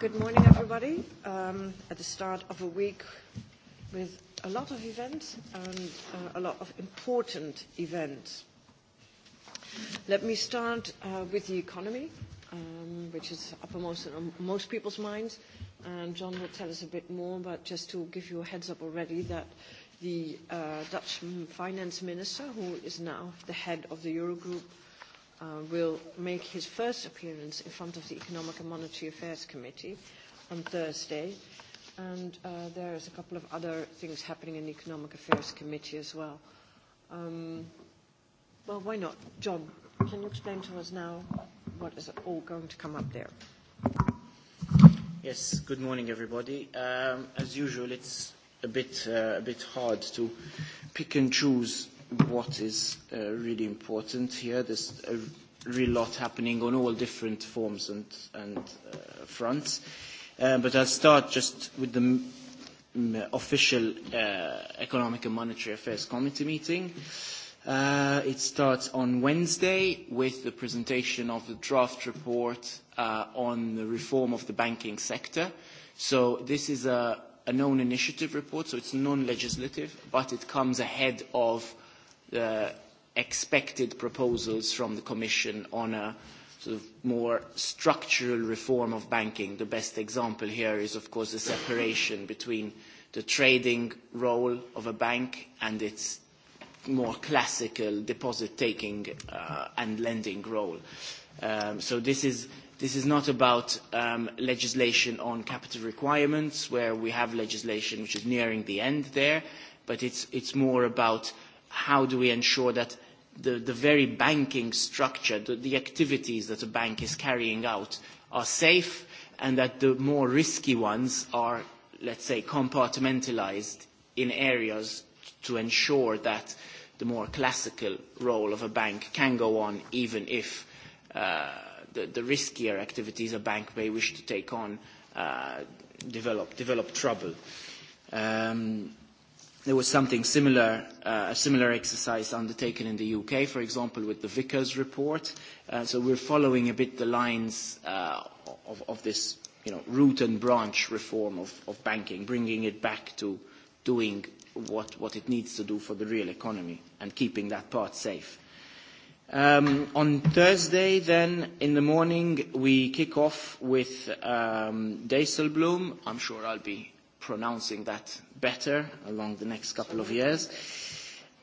Good morning, everybody. Um, at the start of a week with a lot of events and a lot of important events. Let me start with the economy, um, which is uppermost in most people's minds. And John will tell us a bit more, but just to give you a heads up already that the Dutch finance minister, who is now the head of the Eurogroup, will make his first appearance in front of the Economic and Monetary Affairs Committee on Thursday. And there is a couple of other things happening in the Economic Affairs Committee as well. Well, why not? John, can you explain to us now what is all going to come up there? Yes, good morning, everybody. As usual, it's a bit hard to pick and choose what is really important here. There's a real lot happening on all different forms and fronts. But I'll start just with the official Economic and Monetary Affairs Committee meeting. It starts on Wednesday with the presentation of the draft report on the reform of the banking sector. So this is a known initiative report, so it's non-legislative, but it comes ahead of The expected proposals from the Commission on a more structural reform of banking. The best example here is, of course, the separation between the trading role of a bank and its more classical deposit-taking and lending role. So this is This is not about legislation on capital requirements, where we have legislation which is nearing the end there, but it's more about how do we ensure that the very banking structure, the activities that a bank is carrying out are safe and that the more risky ones are, let's say, compartmentalized in areas to ensure that the more classical role of a bank can go on even if the riskier activities a bank may wish to take on develop trouble. Um There was something similar, a similar exercise undertaken in the UK, for example, with the Vickers report. So we're following a bit the lines of this, you know, root and branch reform of banking, bringing it back to doing what it needs to do for the real economy and keeping that part safe. On Thursday, then, in the morning, we kick off with Dijsselbloem. I'm sure I'll be pronouncing that better along the next couple of years.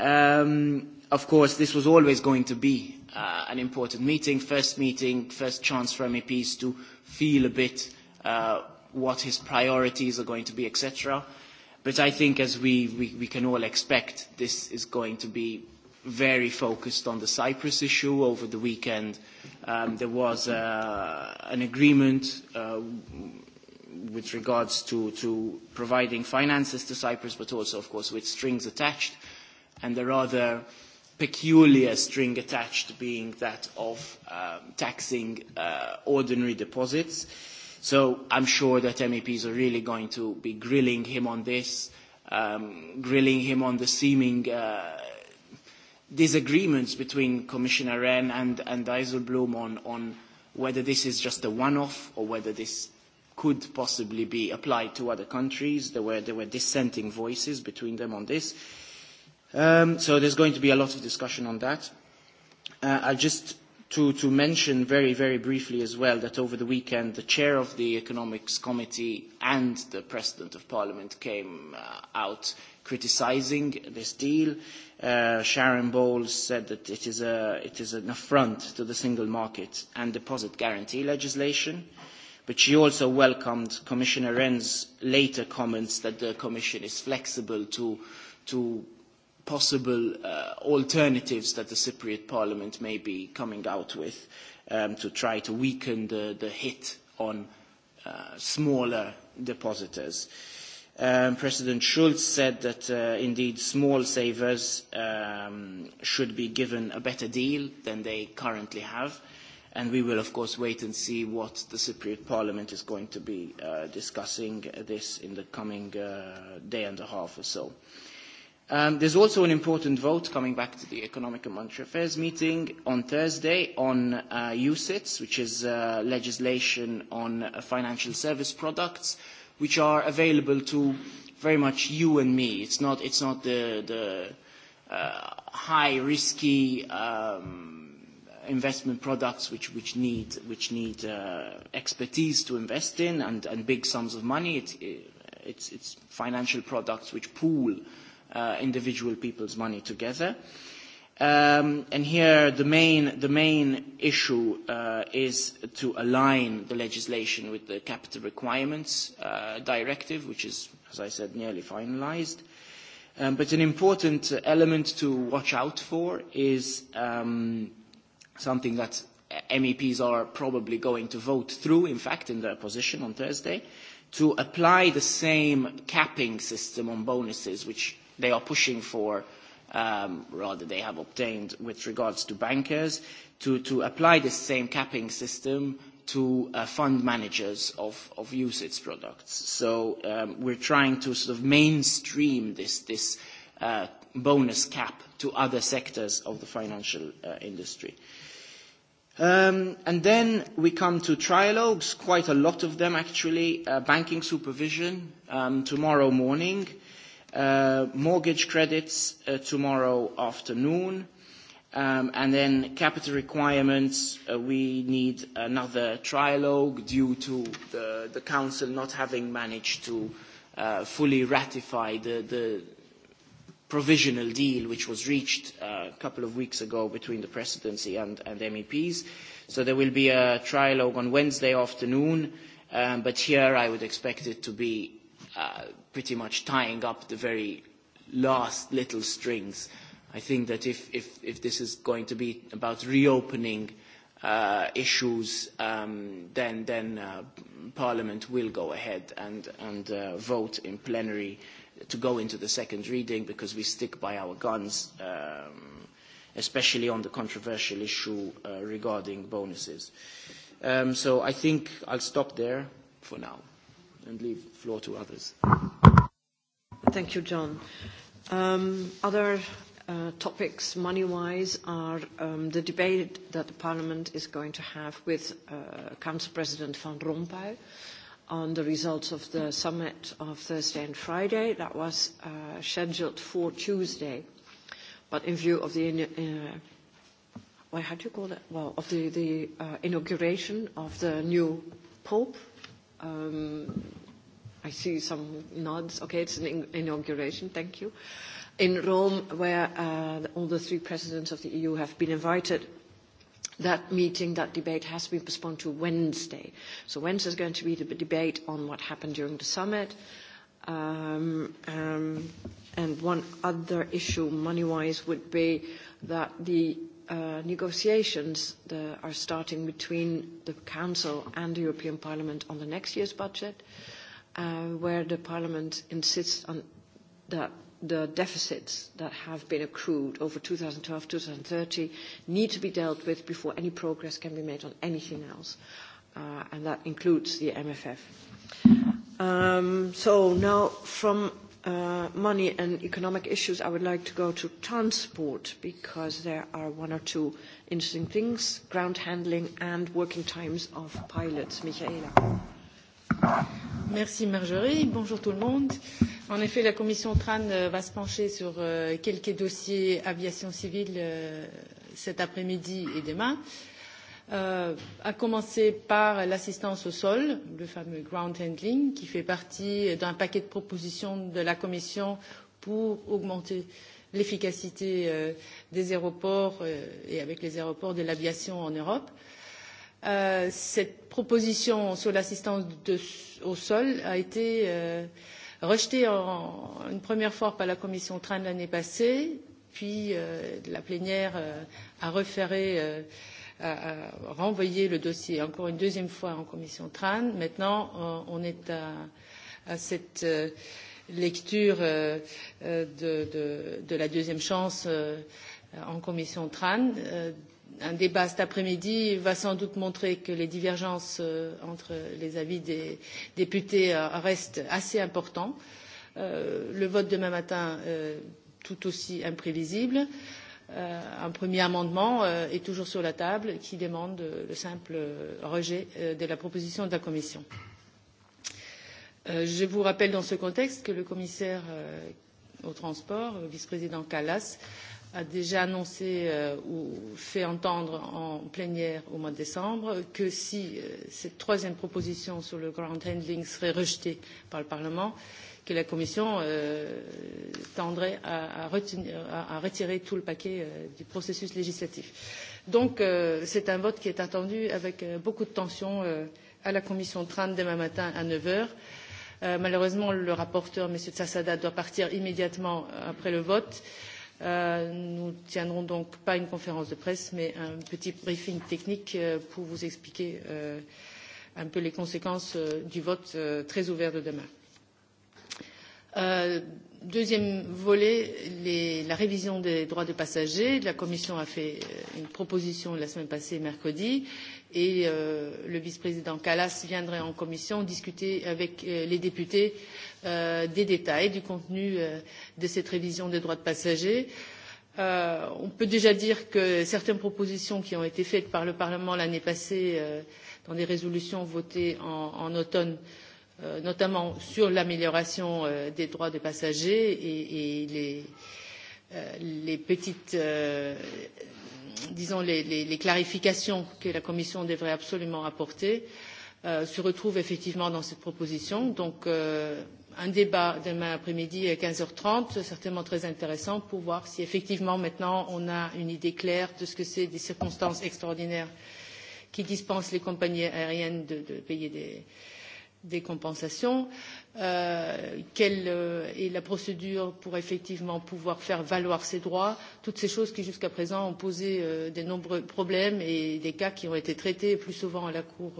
Of course, this was always going to be an important meeting, first meeting, first chance for MEPs to feel a bit what his priorities are going to be, etc. But I think, as we can all expect, this is going to be very focused on the Cyprus issue. Over the weekend, there was an agreement with regards to providing finances to Cyprus, but also, of course, with strings attached, and the rather peculiar string attached being that of taxing ordinary deposits. So I'm sure that MEPs are really going to be grilling him on this, grilling him on the seeming disagreements between Commissioner Wren and Dijsselbloem on whether this is just a one-off or whether this could possibly be applied to other countries. There were dissenting voices between them on this. So there's going to be a lot of discussion on that. I just to mention very, very briefly as well that over the weekend the chair of the Economics Committee and the President of Parliament came out criticising this deal. Sharon Bowles said that it is an affront to the single market and deposit guarantee legislation. But she also welcomed Commissioner Rehn's later comments that the Commission is flexible to possible alternatives that the Cypriot Parliament may be coming out with to try to weaken the hit on smaller depositors. President Schulz said that indeed small savers should be given a better deal than they currently have and we will of course wait and see what the Cypriot Parliament is going to be discussing this in the coming day and a half or so. There's also an important vote coming back to the Economic and Monetary Affairs meeting on Thursday on USITS, which is legislation on financial service products, which are available to very much you and me. It's not the high risky investment products which which need which need expertise to invest in and and big sums of money it's it's financial products which pool individual people's money together and here the main the main issue is to align the legislation with the capital requirements directive which is as i said nearly finalized but an important element to watch out for is something that MEPs are probably going to vote through, in fact, in their position on Thursday, to apply the same capping system on bonuses which they are pushing for, rather they have obtained with regards to bankers, to apply the same capping system to fund managers of usage products. So we're trying to sort of mainstream this bonus cap to other sectors of the financial industry. And then we come to trialogues, quite a lot of them actually, banking supervision tomorrow morning, mortgage credits tomorrow afternoon, and then capital requirements, we need another trialogue due to the Council not having managed to fully ratify the provisional deal which was reached a couple of weeks ago between the presidency and MEPs. So there will be a trilogue on Wednesday afternoon, but here I would expect it to be pretty much tying up the very last little strings. I think that if if this is going to be about reopening issues, then Parliament will go ahead and vote in plenary to go into the second reading because we stick by our guns, especially on the controversial issue regarding bonuses. So I think I'll stop there for now and leave the floor to others. Thank you, John. Other topics, money-wise, are the debate that the Parliament is going to have with Council President Van Rompuy on the results of the summit of Thursday and Friday. That was scheduled for Tuesday. But in view of the, how do you call that? Well, of the inauguration of the new Pope, I see some nods. Okay, it's an inauguration. Thank you. In Rome, where all the three presidents of the EU have been invited That meeting, that debate has been postponed to Wednesday. So Wednesday is going to be the debate on what happened during the summit. And one other issue, money-wise, would be that the negotiations are starting between the Council and the European Parliament on the next year's budget, where the Parliament insists on that the deficits that have been accrued over 2012-2030 need to be dealt with before any progress can be made on anything else, and that includes the MFF. So now from money and economic issues, I would like to go to transport because there are one or two interesting things, ground handling and working times of pilots. Michaela. Merci Marjorie. Bonjour tout le monde. En effet, la commission TRAN va se pencher sur quelques dossiers aviation civile cet après-midi et demain, à commencer par l'assistance au sol, le fameux ground handling, qui fait partie d'un paquet de propositions de la commission pour augmenter l'efficacité des aéroports et avec les aéroports de l'aviation en Europe cette proposition sur l'assistance au sol a été rejetée en une première fois par la commission train l'année passée puis la plénière a a renvoyé le dossier encore une deuxième fois en commission tran maintenant on est à cette lecture de la deuxième chance en commission TRAN. Un débat cet après-midi va sans doute montrer que les divergences entre les avis des députés restent assez importantes. Le vote demain matin tout aussi imprévisible. Un premier amendement est toujours sur la table qui demande le simple rejet de la proposition de la Commission. Je vous rappelle dans ce contexte que le commissaire au transport, le vice-président Kallas, a déjà annoncé ou fait entendre en plénière au mois de décembre que si cette troisième proposition sur le ground handling serait rejetée par le Parlement, que la Commission tendrait à retirer tout le paquet du processus législatif. Donc c'est un vote qui est attendu avec beaucoup de tension à la Commission 30 demain matin à 9h. Malheureusement, le rapporteur, M. Tsassada, doit partir immédiatement après le vote Nous ne tiendrons donc pas une conférence de presse, mais un petit briefing technique pour vous expliquer un peu les conséquences du vote très ouvert de demain. Deuxième volet, la révision des droits des passagers. La Commission a fait une proposition la semaine passée, mercredi, et le vice-président Kallas viendrait en commission discuter avec les députés des détails du contenu de cette révision des droits de passagers. On peut déjà dire que certaines propositions qui ont été faites par le Parlement l'année passée dans des résolutions votées en automne, notamment sur l'amélioration des droits des passagers et les petites disons les clarifications que la commission devrait absolument apporter se retrouvent effectivement dans cette proposition donc un débat demain après-midi à 15h30 certainement très intéressant pour voir si effectivement maintenant on a une idée claire de ce que c'est des circonstances extraordinaires qui dispensent les compagnies aériennes de payer des des compensations quelle est la procédure pour effectivement pouvoir faire valoir ses droits toutes ces choses qui jusqu'à présent ont posé de nombreux problèmes et des cas qui ont été traités plus souvent à la cour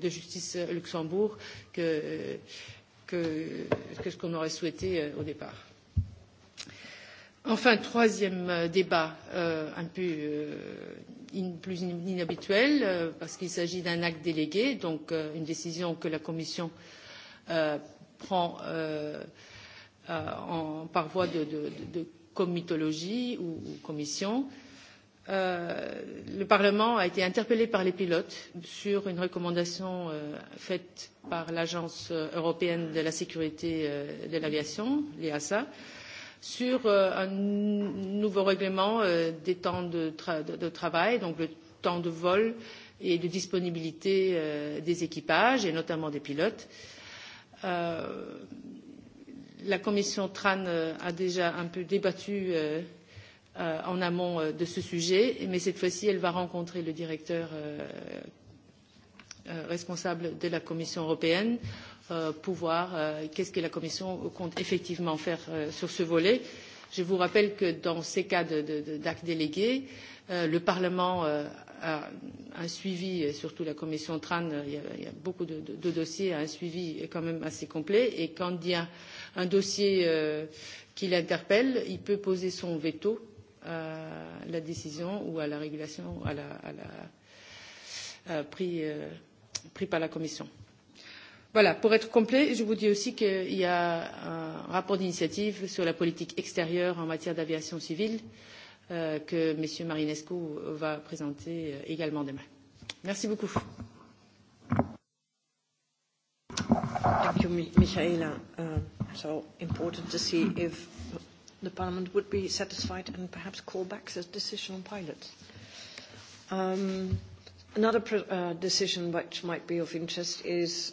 de justice luxembourg que ce qu'on aurait souhaité au départ Enfin, troisième débat un peu plus inhabituel, parce qu'il s'agit d'un acte délégué, donc une décision que la Commission prend par voie de comitologie ou commission. Le Parlement a été interpellé par les pilotes sur une recommandation faite par l'Agence européenne de la sécurité de l'aviation, l'EASA, sur un nouveau règlement des temps de travail, donc le temps de vol et de disponibilité des équipages et notamment des pilotes. La commission TRAN a déjà un peu débattu en amont de ce sujet, mais cette fois-ci, elle va rencontrer le directeur responsable de la Commission européenne pour voir qu'est-ce que la Commission compte effectivement faire sur ce volet. Je vous rappelle que dans ces cas d'actes délégués, le Parlement a un suivi, et surtout la Commission TRAN, il y a beaucoup de dossiers, a un suivi quand même assez complet. Et quand il y a un dossier qui l'interpelle, il peut poser son veto à la décision ou à la régulation, à la prise pris par la Commission. Voilà, pour être complet, je vous dis aussi qu'il y a un rapport d'initiative sur la politique extérieure en matière d'aviation civile que M. Marinescu va présenter également demain. Merci beaucoup. Another decision which might be of interest is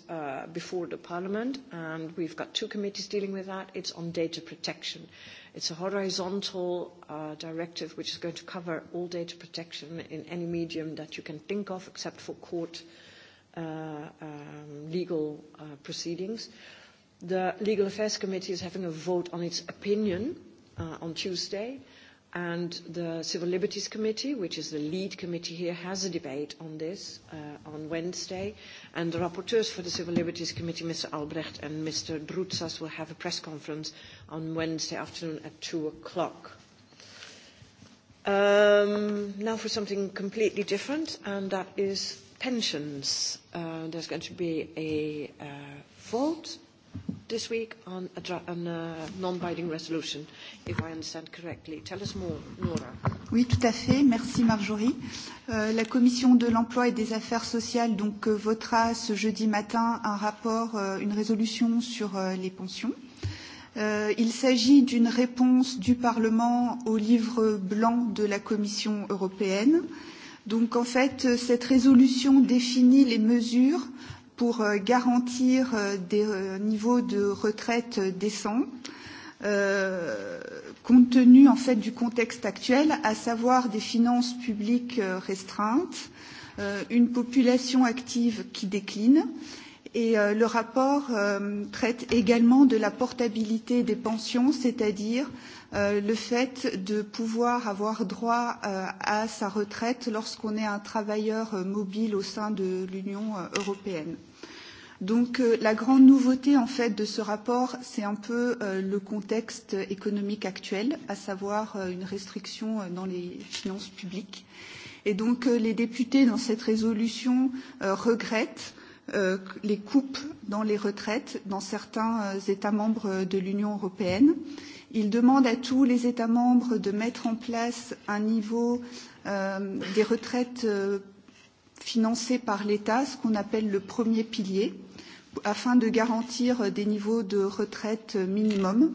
before the Parliament, and we've got two committees dealing with that. It's on data protection. It's a horizontal directive which is going to cover all data protection in any medium that you can think of, except for court legal proceedings. The Legal Affairs Committee is having a vote on its opinion on Tuesday and the Civil Liberties Committee, which is the lead committee here, has a debate on this on Wednesday, and the rapporteurs for the Civil Liberties Committee, Mr. Albrecht and Mr. Drutsas, will have a press conference on Wednesday afternoon at 2 o'clock. Now for something completely different, and that is pensions. There's going to be a vote this week on a non-binding resolution, if I understand correctly. Tell us more, Nora. Oui, tout à fait. Merci, Marjorie. La Commission de l'emploi et des affaires sociales donc, votera ce jeudi matin un rapport, une résolution sur les pensions. Il s'agit d'une réponse du Parlement au livre blanc de la Commission européenne. Donc, en fait, cette résolution définit les mesures pour garantir des niveaux de retraite décents compte tenu en fait du contexte actuel à savoir des finances publiques restreintes une population active qui décline et le rapport traite également de la portabilité des pensions c'est-à-dire le fait de pouvoir avoir droit à sa retraite lorsqu'on est un travailleur mobile au sein de l'Union européenne Donc la grande nouveauté en fait de ce rapport, c'est un peu le contexte économique actuel, à savoir une restriction dans les finances publiques. Et donc les députés dans cette résolution regrettent les coupes dans les retraites dans certains États membres de l'Union européenne. Ils demandent à tous les États membres de mettre en place un niveau des retraites financées par l'État, ce qu'on appelle le premier pilier afin de garantir des niveaux de retraite minimum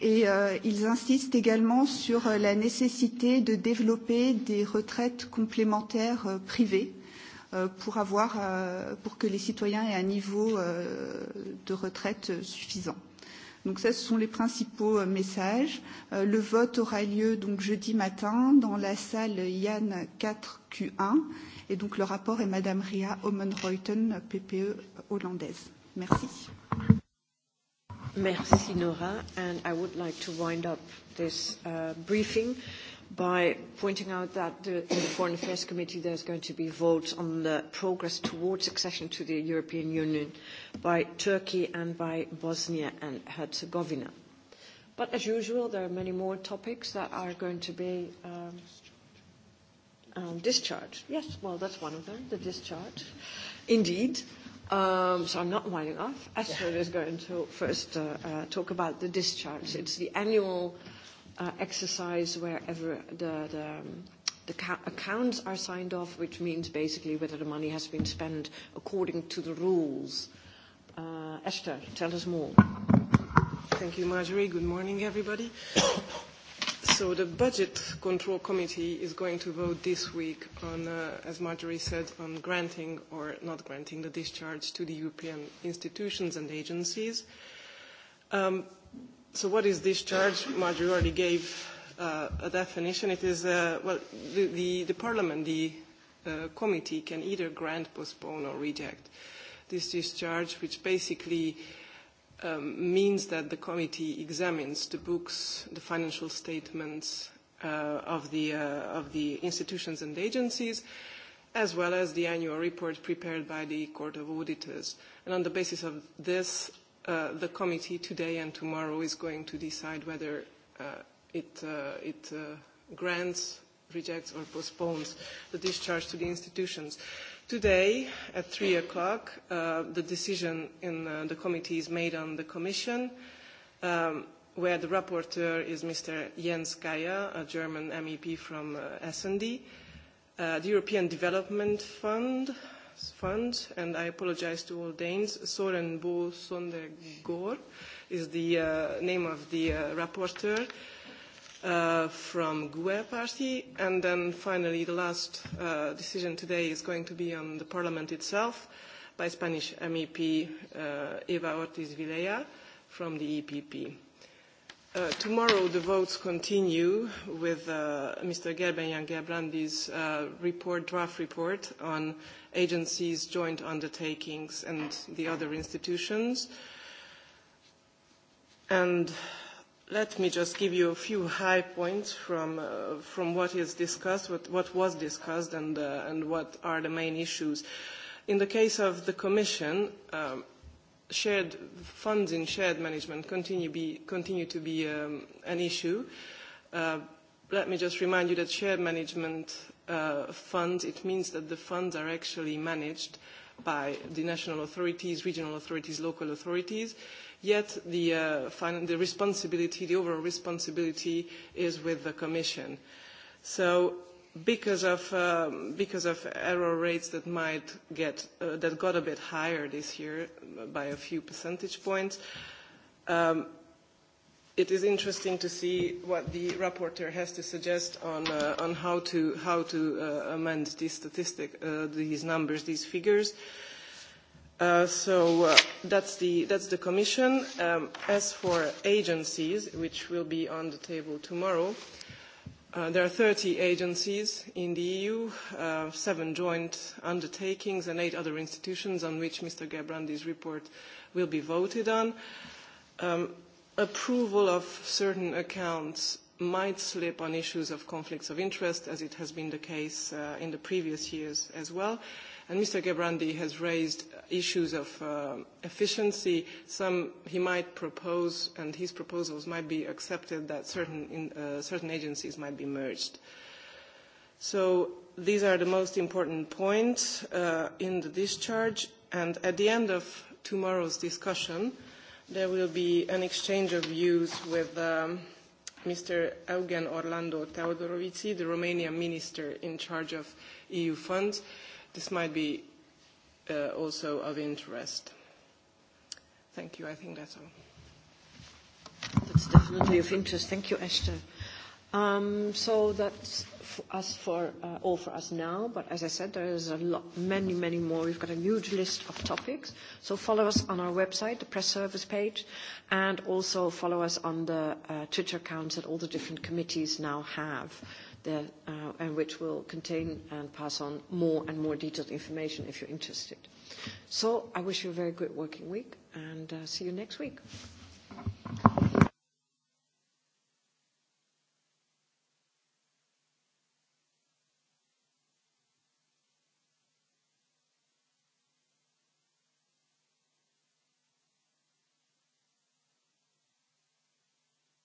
et ils insistent également sur la nécessité de développer des retraites complémentaires privées pour avoir pour que les citoyens aient un niveau de retraite suffisant Donc ça, ce sont les principaux messages. Le vote aura lieu donc jeudi matin dans la salle Yann 4Q1. Et donc le rapport est Madame Ria Omenreuten, PPE hollandaise. Merci. Merci Nora. And I would like to wind up this briefing by pointing out that in the Foreign Affairs Committee there's going to be votes on the progress towards accession to the European Union by Turkey and by Bosnia and Herzegovina. But as usual, there are many more topics that are going to be discharged. Yes, well, that's one of them, the discharge. Indeed. Um, so I'm not winding off. Esther is going to first talk about the discharge. It's the annual exercise wherever the the accounts are signed off, which means basically whether the money has been spent according to the rules. Esther, tell us more. Thank you, Marjorie. Good morning, everybody. So the Budget Control Committee is going to vote this week on, as Marjorie said, on granting or not granting the discharge to the European institutions and agencies. So what is discharge? charge? Marjorie already gave a definition. It is, well, the Parliament, the committee can either grant, postpone or reject this discharge, which basically means that the committee examines the books, the financial statements of the institutions and agencies, as well as the annual report prepared by the Court of Auditors. And on the basis of this, the committee today and tomorrow is going to decide whether it it grants rejects or postpones the discharge to the institutions. Today, at 3 o'clock, the decision in the committee is made on the Commission, where the rapporteur is Mr. Jens Geier, a German MEP from SD. The European Development Fund, Fund, and I apologize to all Danes. Soren Bo Sondergaard is the name of the rapporteur from GUE party. And then finally, the last decision today is going to be on the Parliament itself by Spanish MEP Eva Ortiz Vilella from the EPP. Tomorrow the votes continue with Mr. Gerben Gerbrandy's report, draft report on agencies, joint undertakings and the other institutions. And let me just give you a few high points from from what is discussed, what was discussed and what are the main issues. In the case of the Commission, shared funds in shared management continue be continue to be an issue. Let me just remind you that shared management funds, it means that the funds are actually managed by the national authorities, regional authorities, local authorities, yet the the responsibility, the overall responsibility is with the Commission. So because of because of error rates that might get that got a bit higher this year by a few percentage points it is interesting to see what the rapporteur has to suggest on on how to how to amend these statistics these numbers these figures so that's the that's the commission as for agencies which will be on the table tomorrow There are 30 agencies in the EU, seven joint undertakings and eight other institutions on which Mr. Gebrandi's report will be voted on. Approval of certain accounts might slip on issues of conflicts of interest, as it has been the case in the previous years as well. And Mr. Gebrandi has raised issues of efficiency. Some he might propose, and his proposals might be accepted, that certain agencies might be merged. So these are the most important points in the discharge. And at the end of tomorrow's discussion, there will be an exchange of views with Mr. Eugen Orlando Teodorovici, the Romanian minister in charge of EU funds. This might be also of interest. Thank you. I think that's all. That's definitely of interest. Thank you, Esther. So that's us for all for us now. But as I said, there is a lot, many, many more. We've got a huge list of topics. So follow us on our website, the press service page, and also follow us on the Twitter accounts that all the different committees now have, and which will contain and pass on more and more detailed information if you're interested. So I wish you a very good working week, and see you next week.